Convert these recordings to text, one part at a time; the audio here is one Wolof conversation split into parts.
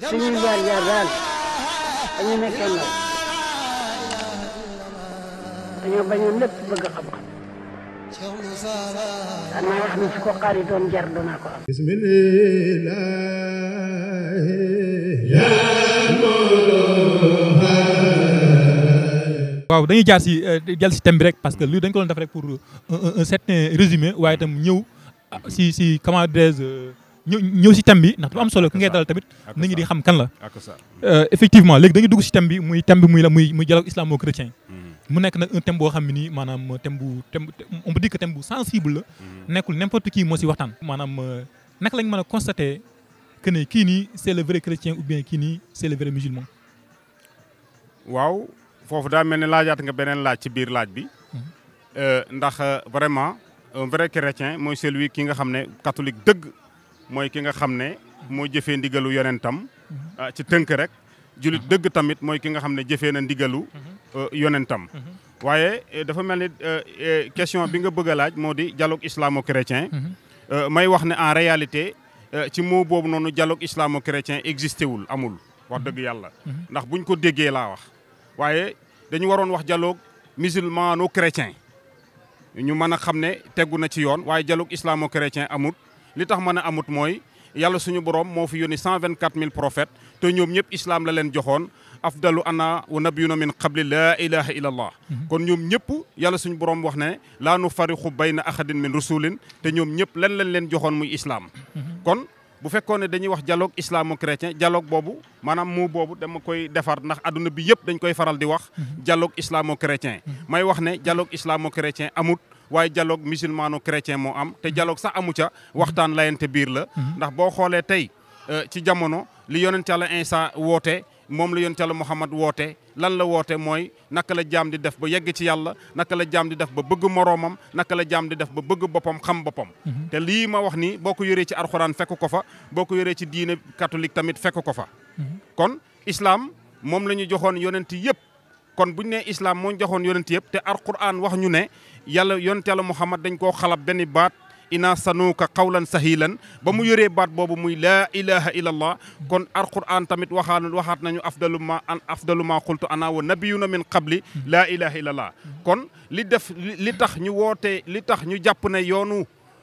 suñuy jaar jaar daal dañu nekkee ndaw dañoo bañoon lépp bëgg xam-xam daan naa wax ne su ko xaar yi doon jar danaa ko am. waaw dañuy jaar si eh, jël si thème bi rek parce que lu dañ ko doon def rek pour euh, un certain résumé waaye itam ñëw ah, si si comment dirais euh, ñëw ñëw si thème bi ndax dafa am solo ki ngay dalal tamit nit ñi di xam kan la euh, effectivement léegi dañuy dugg si thème bi muy thème bi muy la muy muy dialogue islamo-chrétien hmm. mu nekk nag un thème boo xam ne nii maanaam thème bu thème on peut dire que thème bu sensible la hmm. nekkul n'importe qui moo si waxtaan maanaam euh, naka lañ mën a constater que ne kii nii c'est le vrai chrétien ou bien kii nii c'est le vrai musulman waaw foofu daal mel ne laajaat nga beneen laaj ci biir laaj bi hmm. euh, ndax vraiment un vrai chrétien mooy celui ki nga xam ne catholique dëgg mooy ki nga xam ne moo jëfee ndigalu yonentam ah, ci tënk rek julit dëgg tamit mooy ki nga xam ne jëfee na ndigalu mhm. euh, yonentam mhm. waaye eh, dafa mel ni euh, eh, question bi nga bëgg laaj moo di dialogue islamo-chrétien mhm. euh, may wax ne en réalité ci mot boobu noonu dialogue islamo-chrétien existé wul amul wax dëgg yàlla ndax buñ ko déggee laa wax waaye dañu waroon wax dialogue musulmano-chrétien ñu mën a xam ne tegu na ci yoon waaye dialogue islamo-chrétien amut li tax mën a amut mooy yàlla suñu borom moo fi yónni 124000 prophètes te ñoom ñëpp islam la leen joxoon afdalu ana wa nabiyuna min qabli laa ilaha illa allah mhm. kon ñoom ñëpp yàlla suñu borom wax ne laa nu fariqu bayna ahadin min rusulin te ñoom ñëpp lan lañ leen joxoon muy islam mhm. kon bu fekkoon ne dañuy wax dialogue islamo chrétien dialogue boobu maanaam mu boobu dama koy defar ndax adduna bi yëpp dañ koy faral di wax mhm. dialogue islamo chrétien may wax ne dialogue islamo chrétien waaye dialogue musulmano chrétien moo am te dialogue sax amu ca waxtaan layante biir la ndax boo xoolee tey euh, ci jamono li yonent yàlla Isa woote moom la yonent la Muhammad woote lan la woote mooy naka la jaam di def ba yegg ci yàlla naka la jaam di def ba bëgg moroomam naka la jaam def ba bëgg boppam xam boppam mhm. te lii ma wax nii boo ko yoree ci alxuraan fekk ko fa boo ko yoree ci diine catholique tamit fekk ko fa mhm. kon islam moom la ñu joxoon yonent yëpp kon bu ñu nee islam moo joxoon yonent yëpp te alquran wax ñu ne yàlla yonent yàlla muhammad dañ koo xalab benni baat ina sanuuka qawlan sahilan ba mu yoree baat boobu muy laa illa illallah kon alquran tamit waxaan waxaat nañu afdalu ma an afdalu ma qultu ana wa nabiyuna min qabli laa ilaha illallah kon li def li tax ñu woote li tax ñu jàpp ne yoonu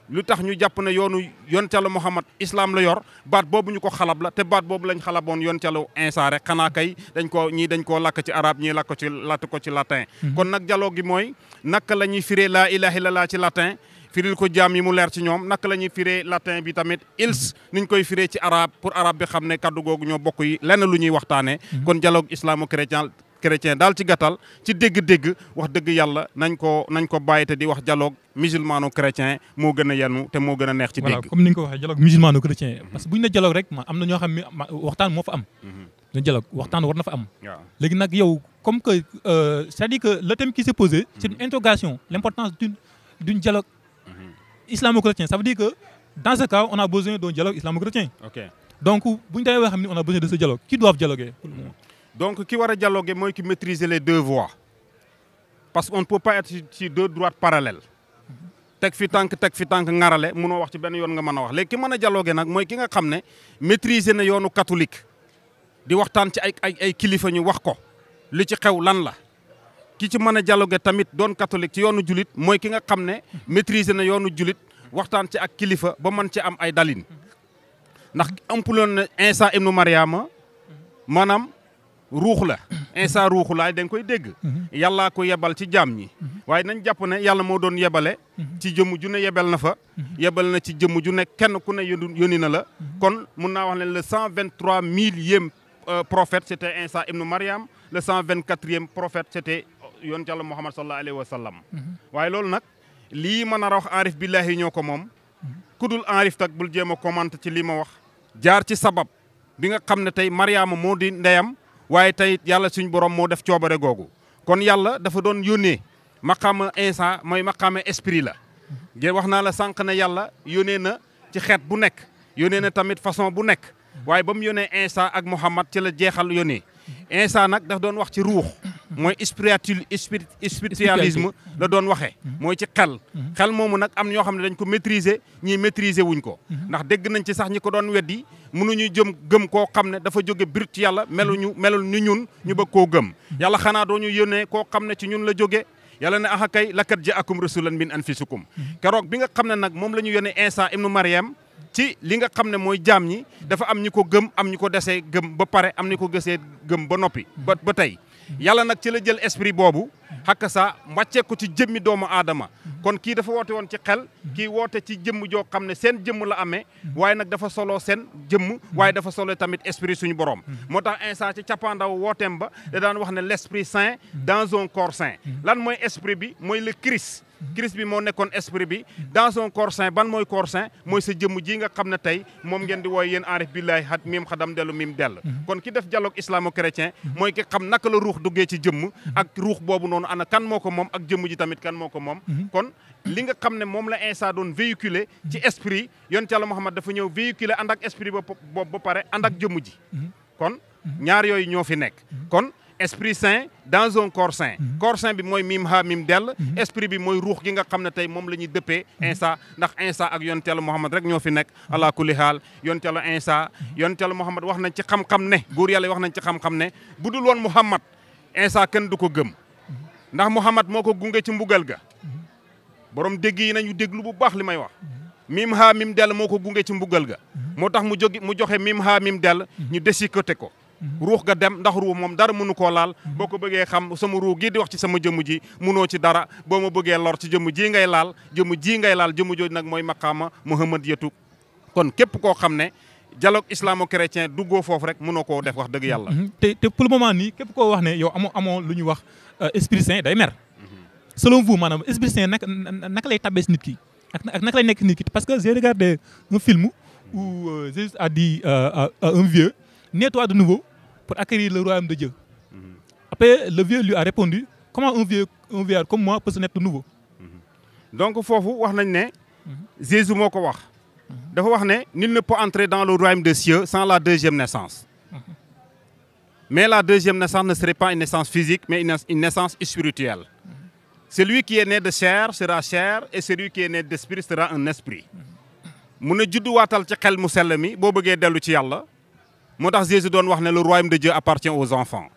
lu tax ñu jàpp ne yoonu yonent Yàlla Muhammad islam la yor baat boobu ñu ko xalab la te baat boobu lañ xalaboon yoon Yàlla Iisaa rek xanaa kay dañ ko ñii dañ koo lakk ci arabe ñi lakk ci latt ko ci latin mhm. kon nag jaloo gi mooy naka la ñuy la laa ilaaha illallaah ci latin firil ko jaam yi mu leer ci ñoom naka la ñuy firee latin bi tamit ils nuñ koy firee ci arabe pour arabe bi xam ne kaddu googu ñoo bokk yi lenn lu ñuy waxtaanee mhm. kon dialogue islamo-chrétien chrétien daal ci gàttal ci dégg-dégg wax dëgg yàlla nañ ko nañ ko bàyyi te wax dialogue musulmano chrétien moo gën a yanu te moo gën a neex ci dégg comme ni nga ko waxee dialogue musulmano chrétien parce que bu ñu rek ma am na ñoo xam ne waxtaan moo fa am ñu mhm. dialogue waxtaan war na fa am léegi nag yow comme que euh, cest dire que le thème qui s'est mhm. c'est une interrogation l'importance d'une dialogue mhm. islamo-chrétien ça veut dire que dans ce cas on a besoin d'un donc ki war a jalooge mooy ki maîtriser les deux voies parce qu'on ne peut pas être ci deux droites parallèles teg fi tànk teg fi tànk ngarale munoo wax ci benn yoon nga mën a wax léegi ki mën a dialoguer nag mooy ki nga xam ne maîtriser na yoonu katolik di waxtaan ci ay ay ay kilifa ñu wax ko li ci xew lan la ki ci mën a dialoguer tamit doon catholique ci yoonu julit mooy ki nga xam ne maîtriser na yoonu julit waxtaan ci ak kilifa ba mën ci am ay dalin ndax ampuloon na Insa ruux la instant ruuxu laay da nga koy dégg mhm. yàllaa ko yebal ci jaam ñi mhm. waaye nañ jàpp ne yàlla moo doon yebale mhm. ci jëmm ju ne yebal na fa yebal na ci jëmm ju ne kenn ku ne yónni na la kon mun naa wax le cent vingt trois millième euh, prophète c' était Insa ibnu Mariam le cent vingt quatrième prophète c' était euh, yoon jàll Muhammad sallallahu alayhi wa sallam waaye loolu nag lii ma nar a wax enrif billahi ñoo ko moom ku dul enrif tak bul jéem a commenté ci lii ma wax jaar ci sabab bi nga xam ne tey Mariama moo di ndeyam waaye tey yàlla suñu borom moo def coobare googu kon yàlla dafa doon yónnee maqaama Isa mooy maqaama esprit la. gé wax naa la sànq ne yàlla yónnee na ci xeet bu nekk yónnee na tamit façon bu nekk waaye ba mu yónnee Isa ak Muhammad ci la jeexal yónnee Isa nag daf doon wax ci ruux. mooy spiritu spiritualisme la doon waxee mm-hmm. mooy ci xel mm-hmm. xel moomu nag am ñoo xam ne dañ ko maîtriser ñii maîtriser wuñ ko mm-hmm. ndax dégg nañ ci sax ñi ko doon weddi mënuñu jëm gëm koo xam ne dafa jóge birit ci yàlla meluñu melul ni ñun ñu bëgg koo gëm yàlla xanaa doo ñu yónnee koo xam ne ci ñun la jóge yàlla ne axa kay lakat jaakum rasulan min anfusikum keroog bi nga xam ne nag moom lañu ñu instant Isa ibnu Maryam ci li nga xam ne mooy jaam ñi dafa am ñi ko gëm am ñi ko desee gëm ba pare am ñi ko gesee gëm ba noppi ba ba tey yàlla nag ci la jël esprit boobu xakka saa wàccee ci jëmmi doomu aadama kon kii dafa woote woon ci xel kii woote ci jëmm joo xam ne seen jëmm la amee waaye nag dafa solo seen jëmm waaye dafa solo tamit esprit suñu borom moo tax instant ci cappaandaw wooteem ba da daan wax ne l' esprit saint dans un corps saint lan mooy esprit bi mooy le Christ Christ bi moo nekkoon esprit bi dans son corps saint ban mooy corps saint mooy sa jëmm ji nga xam ne tey moom ngeen di wooy yéen enrif billahi hat miim xadam dellu miim dell kon ki def dialogue islamo chrétien mooy ki naka la ruux duggee ci jëmm ak ruux boobu noonu noonu ana kan moo ko moom ak jëmm ji tamit kan moo ko moom mhm. kon li nga xam ne moom la Insa doon véhiculer ci mhm. esprit yonent Yàlla Muhammad dafa ñëw véhiculer ànd ak esprit ba ba pare ànd ak jëmm ji mhm. kon ñaar yooyu ñoo fi nekk kon esprit saint dans un corps saint corps bi mooy mim ha mim dell esprit bi mooy ruux gi nga xam ne tey moom la ñuy dëppee Insa ndax Insa ak yonent Yàlla Muhammad rek ñoo fi nekk ala kulli haal yonent Yàlla Insa yonent Yàlla wax nañ ci xam ne góor yàlla wax nañ ci xam ne bu dul woon Muhammad Insa kenn du ko gëm ndax Muhammad moo ko gunge ci mbugal ga borom dégg yi nañu déglu bu baax li may wax mim ha mim dell moo ko gunge ci mbugal ga moo tax mu jógi mu joxe mim ha mim dell ñu déchiqueté ko ruux ga dem ndax ruux moom dara mënu koo laal boo ko bëggee xam sama ruux gii di wax ci sama jëmm ji munoo ci dara boo ma bëggee lor ci jëmm ji ngay laal jëmm ji ngay laal jëmm jooju nag mooy maqaama Muhammad yetu kon képp koo xam ne dialogue islamo-chrétien duggoo foofu rek mënoo koo def wax dëgg yàlla te te pour le képp koo wax ne yow amoo amoo lu ñu wax Euh, esprit saint day mer selon vous maanaam esprit saint naka lay tabbee si nit ki ak naka lay nekk nit ki parce que j'ai regardé un film où euh, Jésus a dit euh, à un vieux nettoie de nouveau pour acquérir le royaume de Dieu après le vieux lui a répondu comment un vieux un vieillard comme moi peut se naître de nouveau donc foofu wax nañ ne Jésus moo ko wax dafa wax ne nul ne peut entrer dans le royaume des cieux sans la deuxième naissance Mais la deuxième naissance ne serait pas une naissance physique, mais une naissance spirituelle. Celui qui est né de chair sera chair et celui qui est né d'esprit sera un esprit. mu ne judduwaatal ci xel mu sell mi boo bëggee dellu ci yàlla moo tax Jésus doon wax ne le royaume de Dieu appartient aux enfants.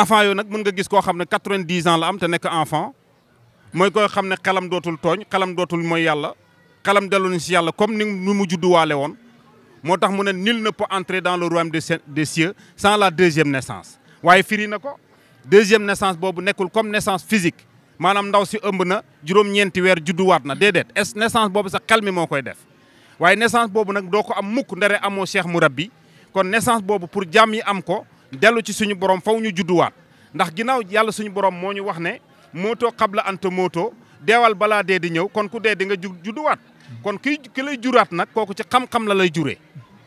enfants yooyu nag mën nga gis koo xam ne quatre-vingt-dix ans la am te nekk enfant mooy koo xam ne xelam dootul tooñ xelam dootul mooy yàlla xelam dellu si yàlla comme ni mu judduwaale woon. moo tax mu ne nul ne peut dans le de royaume des cieux sans la deuxième naissance waaye firi na ko deuxième naissance boobu nekkul comme naissance physique maanaam ndaw si ëmb na juróom-ñeenti weer judduwaat na déedéet est naissance boobu sax xel mi moo koy def waaye naissance boobu nag doo ko am mukk ndere amoo cheikh mu rabbi kon naissance boobu pour jàmm yi am ko dellu ci suñu borom faw ñu judduwaat ndax ginnaaw yàlla suñu borom moo ñu wax ne mootoo xabla anta mootoo deewal balaa dee di ñëw kon ku dee di nga judduwaat kon ki ki lay juraat nag kooku ci xam-xam la lay juree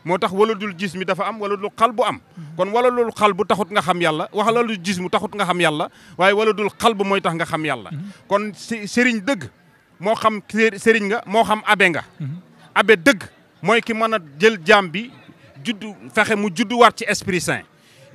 moo tax dul jiis mi dafa am waladul xal bu am kon waladul xal bu taxut nga xam yàlla wax waladul mu taxut nga xam yàlla waaye waladul xal bu mooy tax nga xam yàlla kon sëriñ dëgg moo xam sëriñ nga moo xam abe nga abe dëgg mooy ki mën a jël jaam bi juddu fexe mu judduwaat ci esprit saint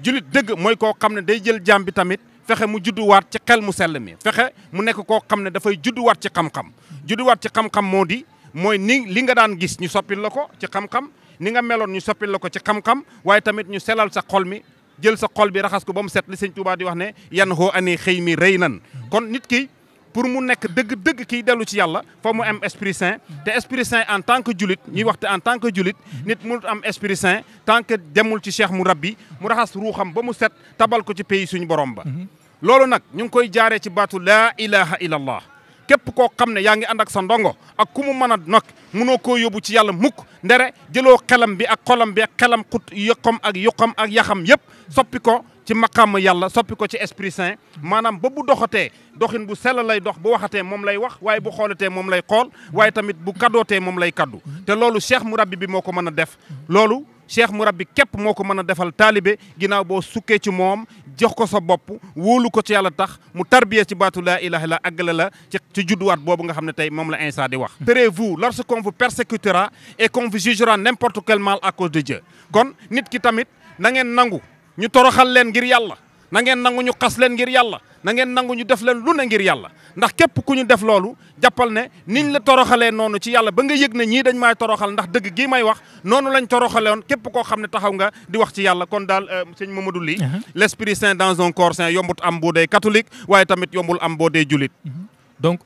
julit dëgg mooy koo xam ne day jël jaam bi tamit fexe mu judduwaat ci xel mu fexe mu nekk koo xam ne dafay judduwaat ci xam-xam judduwaat ci xam-xam moo di mooy ni li nga daan gis ñu soppil la ko ci xam-xam ni nga meloon ñu soppil la ko ci xam-xam waaye tamit ñu selal sa xol mi jël sa xol bi raxas ko ba mu set li sëñ Tuubaa di wax ne yan hoo anee xëy mi rëy nan kon nit ki pour mu nekk dëgg-dëgg kiy dellu ci yàlla fa mu am esprit saint te esprit saint en tant que julit ñuy waxte en tant que julit nit mu am esprit saint tant demul ci cheikh mu rabbi mu raxas ruuxam ba mu set tabal ko ci pays suñu borom ba mhm. loolu nag ñu ngi koy jaaree ci baatu laa ilaha illallah képp koo xam ne yaa ngi ànd ak sa ndongo ak ku mu mën a nokk munoo koo yóbbu ci yàlla mukk ndere jëloo xelam bi ak xolam bi ak xelam xut yokkam ak yokkam ak yaxam yëpp soppi ko ci maqaam yàlla soppi ko ci esprit saint maanaam ba bu doxatee doxin bu sell lay dox bu waxatee moom lay wax waaye bu xoolatee moom lay xool waaye tamit bu kaddootee moom lay kaddu te loolu mu murabbi bi moo ko mën a def loolu cheikh murabbi képp moo ko mën a defal taalibe ginnaaw boo sukkee ci moom jox ko sa bopp woolu ko ci yàlla tax mu tarbiya ci baatu laa ilaha la àggale la ci ci judduwaat boobu nga xam ne tey moom la Insa di wax tairez-vous lorsqu'on vous persécutera et qu'on vous jugera n'importe quel mal à cause de Dieu kon nit ki tamit na ngeen nangu ñu toroxal leen ngir yàlla nangeen ngeen nangu ñu xas leen ngir yàlla nangeen ngeen nangu ñu def leen lu ne ngir yàlla ndax képp ku ñu def loolu jàppal ne niñ la toroxalee noonu ci yàlla ba nga yëg ne ñii dañ maay toroxal ndax dëgg gii may wax noonu lañ toroxalewoon képp koo xam ne taxaw nga di wax ci yàlla kon daal euh, sëñ Mamadou Ly uh-huh. l'esprit saint dans un corps saint yombut am boo dee catholique waaye tamit yombul am boo dee julit uh-huh. donc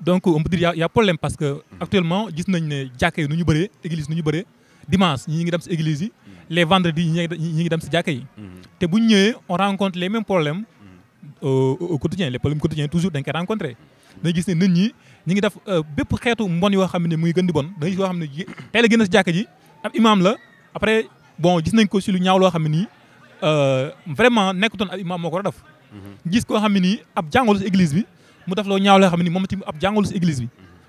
donc on yaa dire problème parce que mm-hmm. actuellement gis nañ ne jàkka yi ñu bëree église nu ñu bëree dimanche ñi ngi dem si église les vendredis ñi ngi dem si jàkka yi. Mm-hmm. te bu ñëwee o rencontre les mêmes problèmes. au mm-hmm. euh, au quotidien les problèmes toujours dañ koy rencontré. Mm-hmm. dañu gis ne nit ñi ñi ngi def euh, bépp xeetu mbon yoo xam ne mu ngi gën di bon dañu xam ne teel a gën a si ji ab la après bon gis nañ ko si lu ñaaw loo xam ne nii euh, vraiment nekkutoon ab imaam moo ko war def. gis koo xam ne nii ab jàngalu si église bi mu def loo ñaaw loo xam ne nii moom itam ab jàngalu si église bi.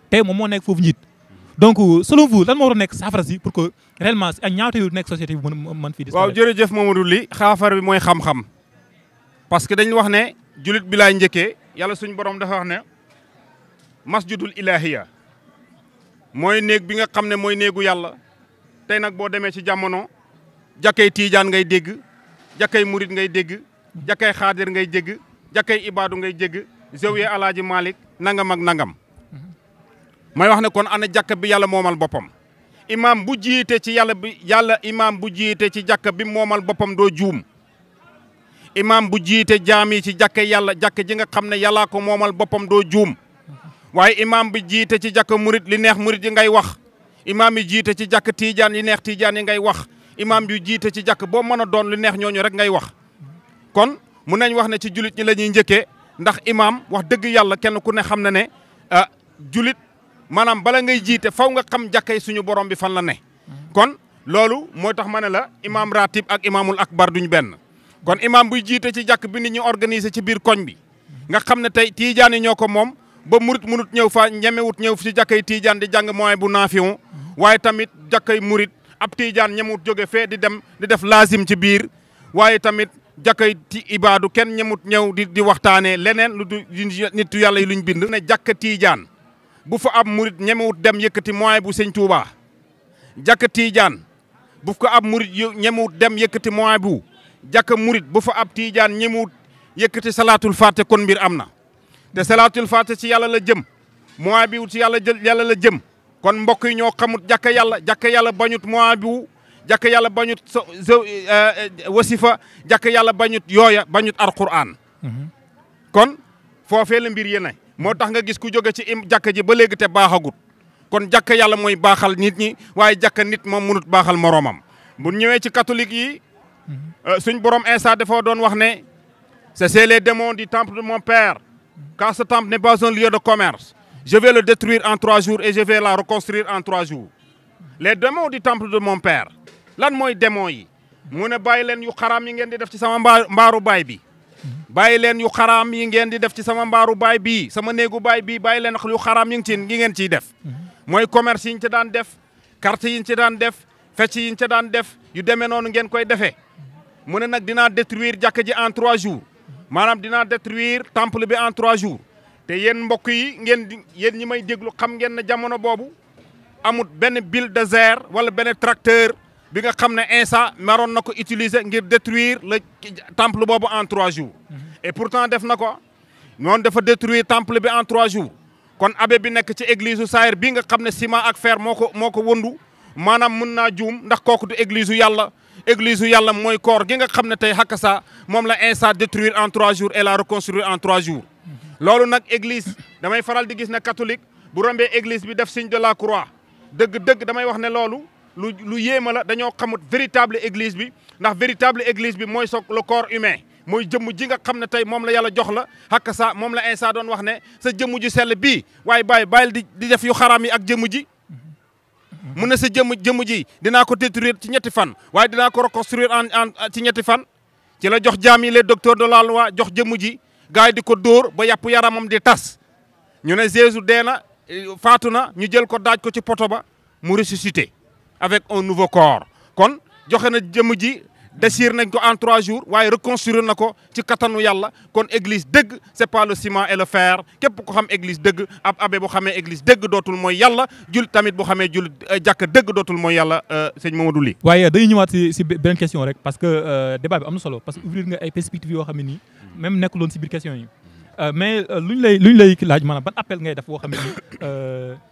tey moom moo nekk foofu njiit donc euh, selon vous lan moo war nekk saafara si pour que réellement ak ñaawte yu nekk société bi mën mën fii waaw jërëjëf Mamadou li xaafar bi mooy xam-xam parce que dañ wax ne julit bi laay njëkkee yàlla suñu borom dafa wax ne masjidul ilahiya mooy néeg bi nga xam ne mooy néegu yàlla tey nag boo demee ci jamono jakkay tiijaan ngay dégg jakkay murit ngay dégg jakkay xaadir ngay dégg jakkay ibaadu ngay dégg zawiya alaaji malik nangam ak nangam may wax ne kon ana jàkka bi yàlla moomal boppam imaam bu jiite ci yàlla bi yàlla imaam bu jiite ci jàkka bi moomal boppam doo juum imaam bu jiite jaam yi ci jàkka yàlla jàkka ji nga xam ne yàllaa ko moomal boppam doo juum waaye imaam bi jiite ci jàkka murit li neex murit yi ngay wax imaam yi jiite ci jàkka tiijaan li neex tiijaan yi ngay wax imaam yu jiite ci jàkk boo mën a doon lu neex ñooñu rek ngay wax kon mun nañ wax ne ci julit ñi la ñuy njëkkee ndax imaam wax dëgg yàlla kenn ku ne xam na ne ah, julit maanaam bala ngay jiite faw nga xam jàkkay suñu borom bi fan la ne kon loolu mooy tax ma ne la imaam ratib ak imaamul akbar duñ benn kon imaam buy jiite ci jàkk bi nit ñu organiser ci biir koñ bi nga xam ne tey tiijaan yi ñoo ko moom ba murit munut ñëw fa ñemewut ñëw ci jàkkay tiijaan di jàng mooy bu naafiwu waaye tamit jàkkay murit ab tiijaan ñemewut jóge fee di dem di def laasim ci biir waaye tamit jàkkay ti ibaadu kenn ñemut ñëw di di waxtaanee leneen lu du nitu yàlla yi luñ bind ne jàkka tiijaan bu fa ab murit ñemewut dem yëkkati moyen bu sëñ Touba jàkka tiijaan bu ko ab murit ñemewut dem yëkkati moyen bu jàkka murit bu fa ab tiijaan ñemewut yëkkati salaatul faate kon mbir am na. te salaatul faate si yàlla la jëm moyen bi ci yàlla jël yàlla la jëm kon mbokk yi ñoo xamut jàkka yàlla jàkka yàlla bañut moyen bu jàkka yàlla bañut eh, eh, wasifa jàkka yàlla bañut yooya bañut alquran mhm. kon foofee la mbir yéen moo tax nga gis ku jóge ci im jàkka ji ba léegi te baaxagut kon jàkka yàlla mooy baaxal nit ñi waaye jàkka nit moom mënut baaxal moroomam. bu ñëwee ci catholique yi euh, suñ borom instant dafa doon wax ne c'est les démons du temple de mon père car ce temple n'est pas un de commerce je vais le détruire en trois jours et je vais la reconstruire en trois jours les démons du temple de mon père lan mooy démons yi mu ne bàyyi leen yu xaraam yi ngeen di def ci sama mbaaru baay bi bàyyi leen yu xaraam yi ngeen di def ci sama mbaaru baay bii sama néegu baay bii bàyyi leen yu xaraam yi ngi ngeen ci def mm-hmm. mooy commerce yi ñu ci daan def carte yi ñu ci daan def fecc yi ñu ci daan def yu demee noonu ngeen koy defee mm-hmm. mu ne nag dinaa détruire jàkka ji en trois jours mm-hmm. maanaam dinaa détruire temple bi en trois jours te yéen mbokk yi ngeen di yéen ñi may déglu xam ngeen ne jamono boobu amut benn bulldozer wala benn tracteur bi nga xam ne Insa maroon na ko utiliser ngir détruire le temple boobu en trois jours. et pourtant def na ko noonu dafa détruire temple bi en trois jours. kon abbé bi nekk ci église su Saayir bi nga xam ne ciment ak fer moo ko moo ko wëndu maanaam mën naa juum ndax kooku du église su yàlla. église su yàlla mooy koor gi nga xam ne tey Hakasa moom la Insa détruire en trois jours et la reconstruire en trois jours. loolu nag église damay faral di gis ne catholique bu rombee église bi def signe de la croix dëgg-dëgg damay wax ne loolu. lu lu yéema la dañoo xamut véritable église bi ndax véritable église bi mooy soog le corps humain mooy jëmm ji nga xam ne tey moom la yàlla jox la xakk sa moom la Insa doon wax ne sa jëmm ju selle bi waaye bàyyi bàyyil di di def yu xaraam yi ak jëmm ji mun ne sa jëmm jëmm ji dinaa ko détruire ci ñetti fan waaye dinaa ko reconstruire en en ci ñetti fan ci la jox jaam yi les docteurs de la loi jox jëmm ji gars yi di ko dóor ba yàpp yaramam di tas ñu ne Jésus dee na faatu na ñu jël ko daaj ko ci poto ba mu ressuscité avec un nouveau corps kon joxe na jëmm ji déchire nañ ko en trois jours waaye reconstruire na ko ci kattanu yàlla kon église dëgg c'est pas le ciment et le fer képp ko xam église dëgg ab abbé bu xamee église dëgg dootul mooy yàlla jul tamit boo xamee jul euh, jàkk dëgg dootul mooy yàlla euh, sëñ Mamadou li waaye dañuy ñëwaat si si beneen question rek parce que euh, débat bi am na solo parce que ouvrir nga ay perspectives yoo xam ne nii même nekkul woon si biir question yi mais luñ lay luñ lay laaj maanaam ban appel ngay def boo xam ne nii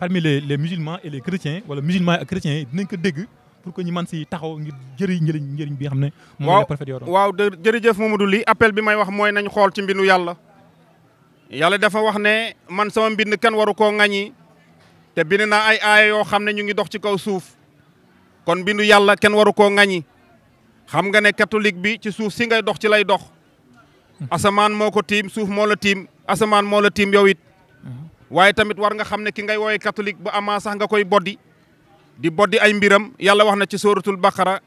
parmi les les musulmans et les chrétiens wala musulmans ak chrétiens yi dinañ ko dégg pour que ñu man si taxaw ngir jëriñ njëriñ njëriñ bi xam ne. moo waaw waaw jërëjëf Mamadou li appel bi may wax mooy nañ xool ci mbindu yàlla. yàlla dafa wax ne man sama mbind kenn waru koo ŋañi te bind naa ay aaya yoo xam ne ñu ngi dox ci kaw suuf kon mbindu yàlla kenn waru koo ŋañi xam nga ne catholique bi ci suuf si ngay dox ci lay dox. Hmm. asamaan moo ko tiim suuf moo la tiim asamaan moo la tiim yow it. waaye tamit war nga xam ne ki ngay woowe catholique bu amaa sax nga koy boddi di boddi ay mbiram yàlla wax na ci suratul baqara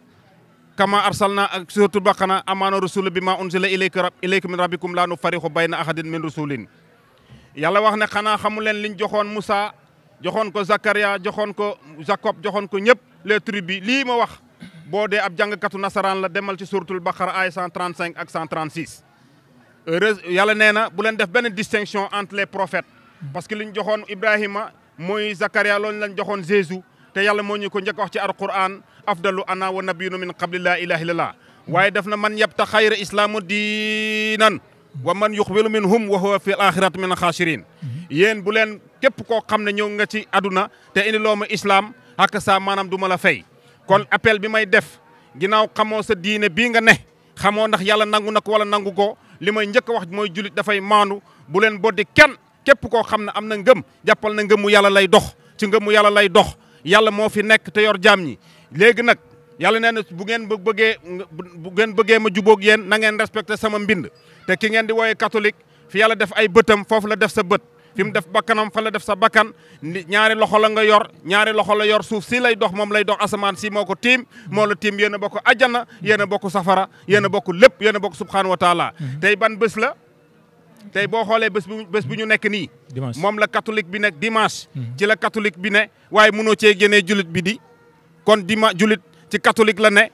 kama arsalna ak suratul baqara amaana rasul bi ma unzila ilayka ilayka min rabbikum laa nu farixu bayna ahadin min rasulin yàlla wax ne xanaa xamu leen liñ joxoon Moussa joxoon ko Zakaria joxoon ko Jacob joxoon ko ñëpp les tribus lii ma wax boo dee ab jàngkatu nasaraan la demal ci suratul baqara ay 135 ak 136 heureuse yàlla nee na bu leen def benn distinction entre les parce que li ñu joxoon Ibrahima mooy Zakaria loolu lañ joxoon Jésus te yàlla moo ñu ko njëkk wax ci alquran afdalu ana wa nabiyuna min qabli laa ilaha illallah waaye daf na man yabta xayra islaamu diinan wa man yuqbilu minhum wa huwa fi alaxirati min alxaasirin yéen bu leen képp koo xam ne ñëw nga ci aduna te indi loo ma islaam ak saa maanaam du ma la fay kon appel bi may def ginnaaw xamoo sa diine bii nga ne xamoo ndax yàlla nangu na ko wala nangu ko li may njëkk wax mooy julit dafay maandu bu leen boddi képp koo xam ne am na ngëm jàppal na ngëmu yàlla lay dox ci ngëmu yàlla lay dox yàlla moo fi nekk te yor jaam ñi léegi nag yàlla nee na bu ngeen bëggee bu ngeen bëggee ma jubóog yéen na ngeen respecté sama mbind te ki ngeen di wooye catholique fi yàlla def ay bëtam foofu la def sa bët fi mu def bakkanam fa la def sa bakkan ñaari loxo la nga yor ñaari loxo la yor suuf si lay dox moom lay dox asamaan si moo ko tiim moo la tiim yéen a bokk ajjana yéen a bokk safara yéen a lépp yéen bokk subxanahu wa tey boo xoolee bés bu bés bu ñu nekk nii. moom la catholique bi nekk dimanche. Mm-hmm. ci la catholique bi ne waaye mënoo cee génnee julit bi di. kon dimanche jullit ci catholique la ne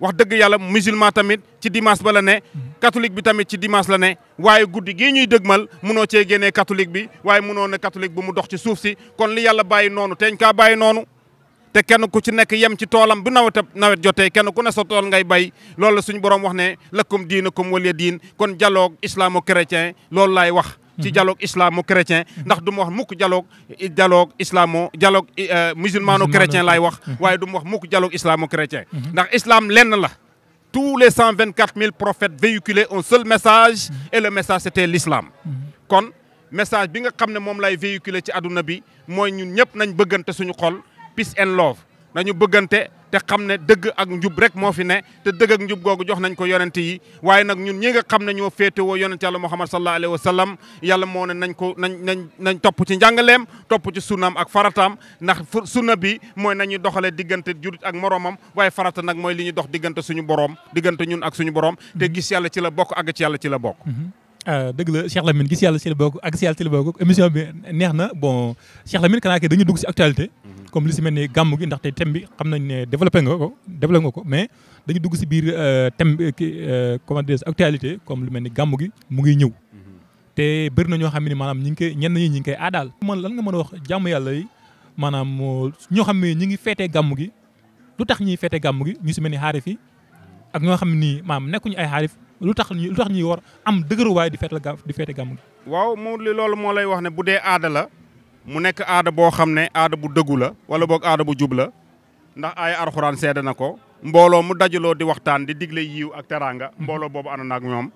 wax dëgg yàlla musulman tamit ci dimanche ba la ne. Mm-hmm. catholique bi tamit ci dimanche la ne waaye guddi gii ñuy dëgmal munoo cee génnee catholique bi waaye mënoo na catholique bu mu dox ci suuf si kon li yàlla bàyyi noonu teñ kaa bàyyi noonu. te kenn ku ci nekk yem ci toolam bu nawet nawet jotee kenn ku ne sa tool ngay bay loolu la suñu borom wax ne la lakum diinukum waliya diin kon dialogue islamo-chrétien loolu laay wax. ci dialogue mhm. islamo-chrétien. ndax du ma wax mukk dialogue dialogue islamo dialogue euh, musulmano-chrétien laay wax. waaye du ma wax mukk dialogue islamo-chrétien. Mhm. ndax islam lenn la. tous les cent vingt quatre mille prophètes véhiculaient un seul message. Mhm. et le message c'était l'islam. kon message bi nga xam ne moom lay véhiculer ci àdduna bi mooy ñun ñëpp nañ bëggante suñu xol. peace and love nañu bëggante te xam ne dëgg ak njub rek moo fi ne te dëgg ak njub googu jox nañ ko yonente yi waaye nag ñun ñi nga xam ne ñoo féetewoo yonente yàlla muhammad sallallahu alayhi wa sallam yàlla moo ne nañ ko nañ nañ nañ topp ci njàngaleem topp ci sunnaam ak farataam ndax sunna bi mooy nañu doxalee diggante jur ak moroomam waaye farata nag mooy li ñu dox diggante suñu boroom diggante ñun ak suñu boroom te gis yàlla ci la bokk àgg ci yàlla ci la bokk mm-hmm. euh, dëgg la Cheikh Lamine gis yàlla ci la bokk àgg ci yàlla ci la bokk émission bi neex na bon Cheikh Lamine kanaa dugg ci actualité comme li si mel ni gàmm gi ndaxte thème bi xam nañ ne développé nga ko développé nga ko mais dañu dugg si biir euh, thème bi euh, de euh, dire actualité comme lu mel ni gàmmu gi mu ngi ñëw. Mm-hmm. te bëri na ñoo xam ne maanaam ñi ngi koy ñenn ñi ñu ngi koy aadaal. man lan nga mën a wax jàmm yàlla yi maanaam ñoo xam ne ñi ngi feetee gàmm gi lu tax ñuy feetee gàmm gi ñu si mel ni xaarif yi ak ñoo xam ni maanaam nekkuñu ay xaarif lu tax lu tax ñuy war am dëgëruwaay di feete di feete gàmmu gi. waaw moom li loolu moo lay wax ne bu dee aada mu nekk aada boo xam ne aada bu dëggu la wala boog aada bu jub la ndax ay arxuraan seede na ko mbooloo mu dajaloo di waxtaan di digle yiw ak teraanga mhm. mbooloo boobu ànd na ak ñoom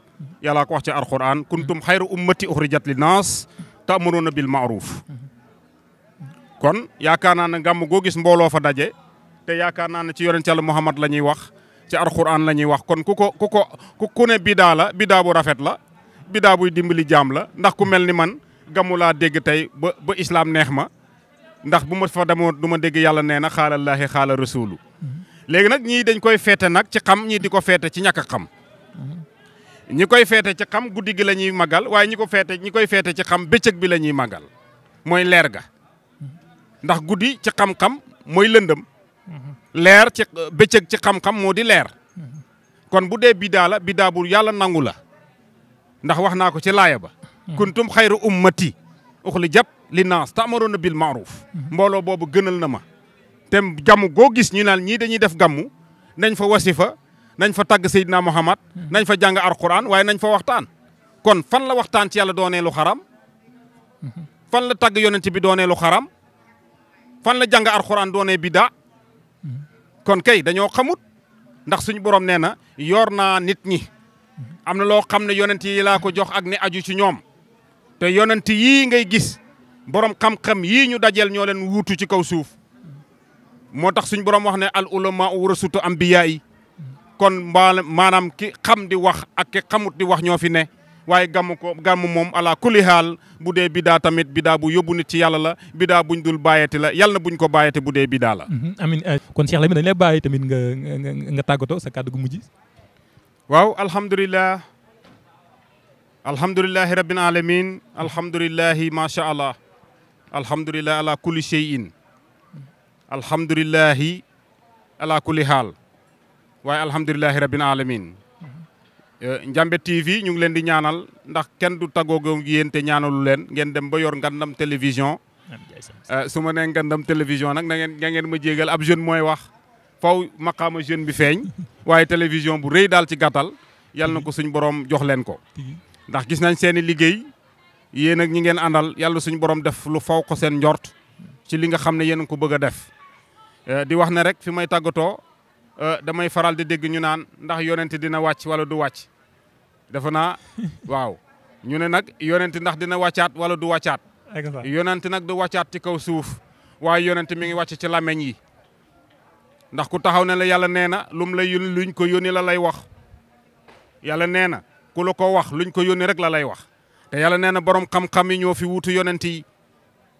yàllaa ko wax ci arxuraan kuntum xayru ummati uxrijat li naas ta'muruna bil ma'ruf mhm. kon yaakaar naa ne gàmm goo gis mbooloo fa daje te yaakaar naa ne ci yonent Yàlla Muhammad la ñuy wax ci arxuraan la ñuy wax kon ku ko ku ko ku ne bidaa la bidaa bu rafet la bidaa buy dimbali jaam la ndax ku mel ni man gàmmu dégg tey ba ba islaam neex ma ndax bu ma fa demoon du ma dégg yàlla nee na xaalallaahi xaala rasulu léegi nag ñii dañ koy feete nag ci xam ñii di ko feete ci ñàkk xam ñi koy feete ci xam guddi gi la ñuy màggal waaye ñi ko feete ñi koy feete ci xam bëccëg bi la ñuy màggal mooy leer ga ndax guddi ci xam-xam mooy lëndëm leer ci bëccëg ci xam-xam moo di leer kon bu dee bidaa la bidaa bu yàlla nangu la ndax wax naa ko ci laaya ba kuntum xayru ummati uxrijat linnaas na bil ma'ruf mbooloo boobu gënal na ma te jàmm goo gis ñu naan ñii dañuy def gàmmu nañ fa wasifa nañ fa tàgg Seydina Muhammad nañ fa jàng alquran waaye nañ fa waxtaan kon fan la waxtaan ci yàlla doonee lu xaram fan la tàgg yonent bi doonee lu xaram fan la jàng alquran bi daa kon kay dañoo xamut ndax suñu borom nee na yor naa nit ñi am na loo xam ne yonent yi laa ko jox ak ni aju ci ñoom te yonent yii ngay gis boroom xam-xam yii ñu dajeel ñoo leen wuutu ci kaw suuf moo tax suñ borom wax ne al ulama warasutu ambiya yi kon maanaam ki xam di wax ak ki xamut di wax ñoo fi ne waaye gàmm ko gàmm moom ala kulli haal bu dee bidaa tamit bidaa bu yóbbu nit ci yàlla la bidaa buñ dul bàyyete la yàlla na buñ ko bàyyete bu dee bidaa la. Mhm, amiin euh, kon Cheikh Lamine dañ lay bàyyi tamit nga nga nga tàggatoo sa kàddu gu mujj. waaw alhamdulilah. alhamdulilahi rabbil alamin alhamdulilahi macha allah alhamdulilahi ala kulli shay'in alhamdulilahi ala kulli haal waaye alhamdulilahi rabbil alamin eh, Ndiamé TV ñu ngi leen di ñaanal ndax kenn du taggoog yéen te ñaanalu leen ngeen dem ba yor ngandam télévision eh, suma ma ngandam télévision nag na ngeen na ma jégal ab jeune mooy wax faw maqaama jeune bi feeñ waaye télévision bu rëy daal ci gàttal yàlla na ko suñ borom jox leen ko ndax gis nañ seeni liggéey yéen ak ñi ngeen àndal yàlla suñu borom def lu faw ko seen njort ci li nga xam ne yéen a ko bëgg a def. Euh, di wax ne rek fi may tàggatoo euh, damay faral di dégg ñu naan ndax yonent dina wàcc wala du wàcc defe naa waaw ñu ne nag yonent ndax dina wàccaat wala du wàccaat. yonent nag du wàccaat ci kaw suuf waaye yonent mi ngi wàcc ci làmmeñ yi. ndax ku taxaw ne la yàlla nee na lum lay luñ ko yónni la lay wax yàlla nee na ku la ko wax luñ ko yónnee rek la lay wax te yàlla nee na borom xam-xam yi ñoo fi wuutu yonent yi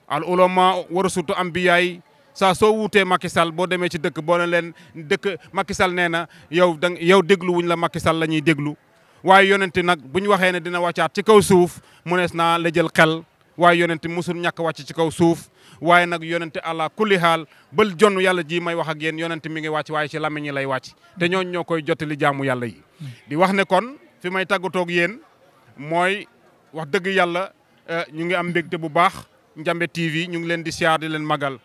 al ulama warasutu ambiya yi saa soo wuutee Macky Sall boo demee ci dëkk boo ne leen dëkk Macky Sall nee na yow da yow déglu wuñ la Macky Sall la ñuy déglu waaye yonent nag bu ñu waxee ne dina wàccaat ci kaw suuf mu nees naa la jël xel waaye yonent mosul ñàkk wàcc ci kaw suuf waaye nag yonent àlla kulli xaal bal jonn yàlla ji may wax ak yéen yonent mi ngi wàcc waaye ci làmmiñ lay wàcc te ñooñu koy jottali jaamu yàlla yi fi may tàggatoog yéen mooy wax dëgg yàlla euh, ñu ngi am mbégte bu baax Ndiamé TV ñu ngi leen di siyaar di leen magal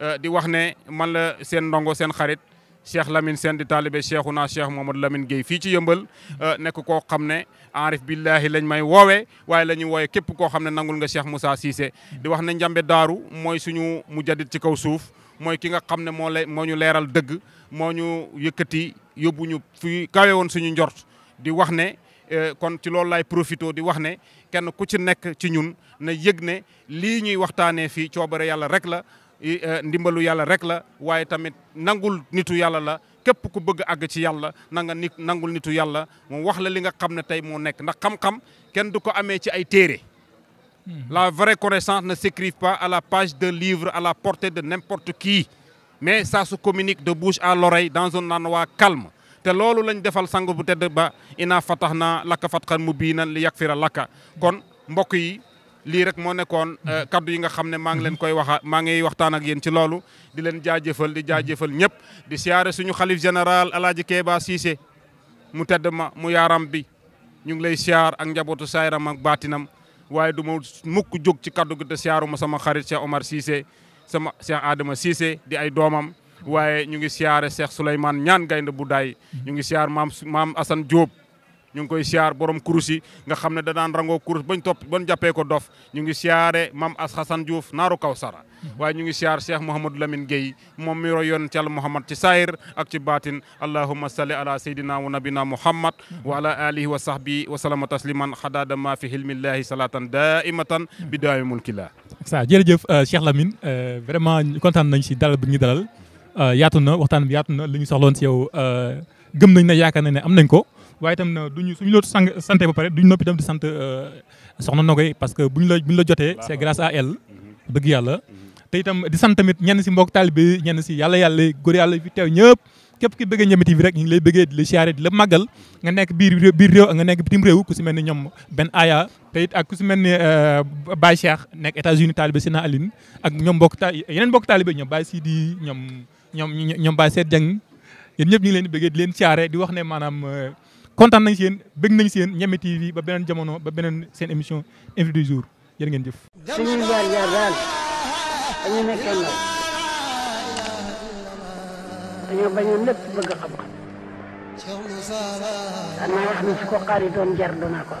euh, di wax ne man la seen ndongo seen xarit Cheikh Lamine seen di taalibe Cheikhouna Cheikh Mouhamadou Lamine Gueye fii ci yëmbal euh, nekk koo xam ne enrif billahi lañ may woowee waaye la ñuy woowee képp koo xam ne nangul nga Cheikh Moussa siise di wax ne Ndiamé Daaru mooy suñu mujjadit ci kaw suuf mooy ki nga xam ne moo lay moo ñu leeral dëgg moo ñu yëkkati yóbbu ñu fi kawe woon suñu njort di wax ne euh, kon ci loolu laay profité di wax ne kenn ku ci nekk ci ñun na yëg ne lii ñuy waxtaanee fii coobare yàlla rek la euh, ndimbalu yàlla rek la waaye tamit nangul nitu yàlla la képp ku bëgg àgg ci yàlla nanga nga nit nangul nitu yàlla mu wax la li nga xam ne tey moo nekk ndax xam-xam kenn du ko amee ci ay téere hmm. la vraie connaissance ne s'écrive pas à la page d'un livre à la portée de n'importe qui mais ça communique de bouche à l'oreille dans un endroit calme te loolu lañ defal sang bu tedd ba inaa fatax naa lakka fatxan mu biinan li yakfira lakka kon mbokk yi lii rek moo nekkoon euh, kaddu yi nga xam ne maa ngi leen koy waxa maa ngi waxtaan ak yéen ci loolu di leen jaajëfal di jaajëfal ñëpp di siyaare suñu xalif général alaaji Keeba Cissé mu tedd ma mu yaaram bi ñu ngi lay siyaar ak njabootu saayaram ak baatinam waaye du ma mukk jóg ci kaddu gi te siyaaru ma sama xarit Cheikh Omar Cissé sama Cheikh Adama Cissé di ay doomam waaye ñu ngi siyaare Cheikh Souleymane ñaan gaynde bu daay ñu ngi siyaar maam maam Assane Diop ñu ngi koy siyaar borom kurus yi nga xam ne danaan rangoo kurus bañ topp bañ jàppee ko dof ñu ngi siyaare maam as Xasan Diouf naaru Kawsara waaye ñu ngi siyaar Cheikh Mouhamadou lamin Gueye moom mi roy yoon ci Yàlla Muhammad ci saayir ak ci baatin allahumma salli ala sayyidina wa nabina Muhammad wa ala alihi wa sahbihi wa salama tasliman xadaada ma fi hilmillahi salaatan daimatan bi daami mulki la sa jërëjëf euh, Cheikh Lamine euh, vraiment kontaan nañ si dalal bi ñu dalal Euh, yaatu na waxtaan bi yaatu na li ñu soxloon si yow euh, gëm nañ ne yaakaar na ne am nañ ko waaye euh, du ñu suñu la sang santé ba pare duñu noppi itam di sant soxna Nogaye parce que buñ la buñ la jotee c'est grâce à elle yàlla te itam di sant tamit ñenn si mbokk taalibe ñenn si yàlla yàlla gor yàlla fi teew ñëpp képp ki bëggee Ndiamé TV bi rek ñu ngi lay bëggee di la siyaare di la màggal nga nekk biir biir réew nga nekk bitim réew ku si mel ni ñoom benn aya te ak ku si mel ni Baye Cheikh nekk États-Unis si Sina Aline ak ñoom mbokk ta yeneen mbokk taalibe ñoom Baye Sidi ñoom ñoom ñoom Baye Seet Dieng yéen ñëpp ñu leen di bëggee di leen siyaare di wax ne maanaam euh, kontaan nañ si yéen bëgg nañ si yéen Ndiémé TV ba beneen jamono ba beneen seen émission invité du jour jërë ngeen jëf. suñuy jaar jaar daal dañu nekkoon nag dañoo bañoon lépp bëgg xam-xam daan naa wax ne su ko xaaritoon jar doon naa ko am.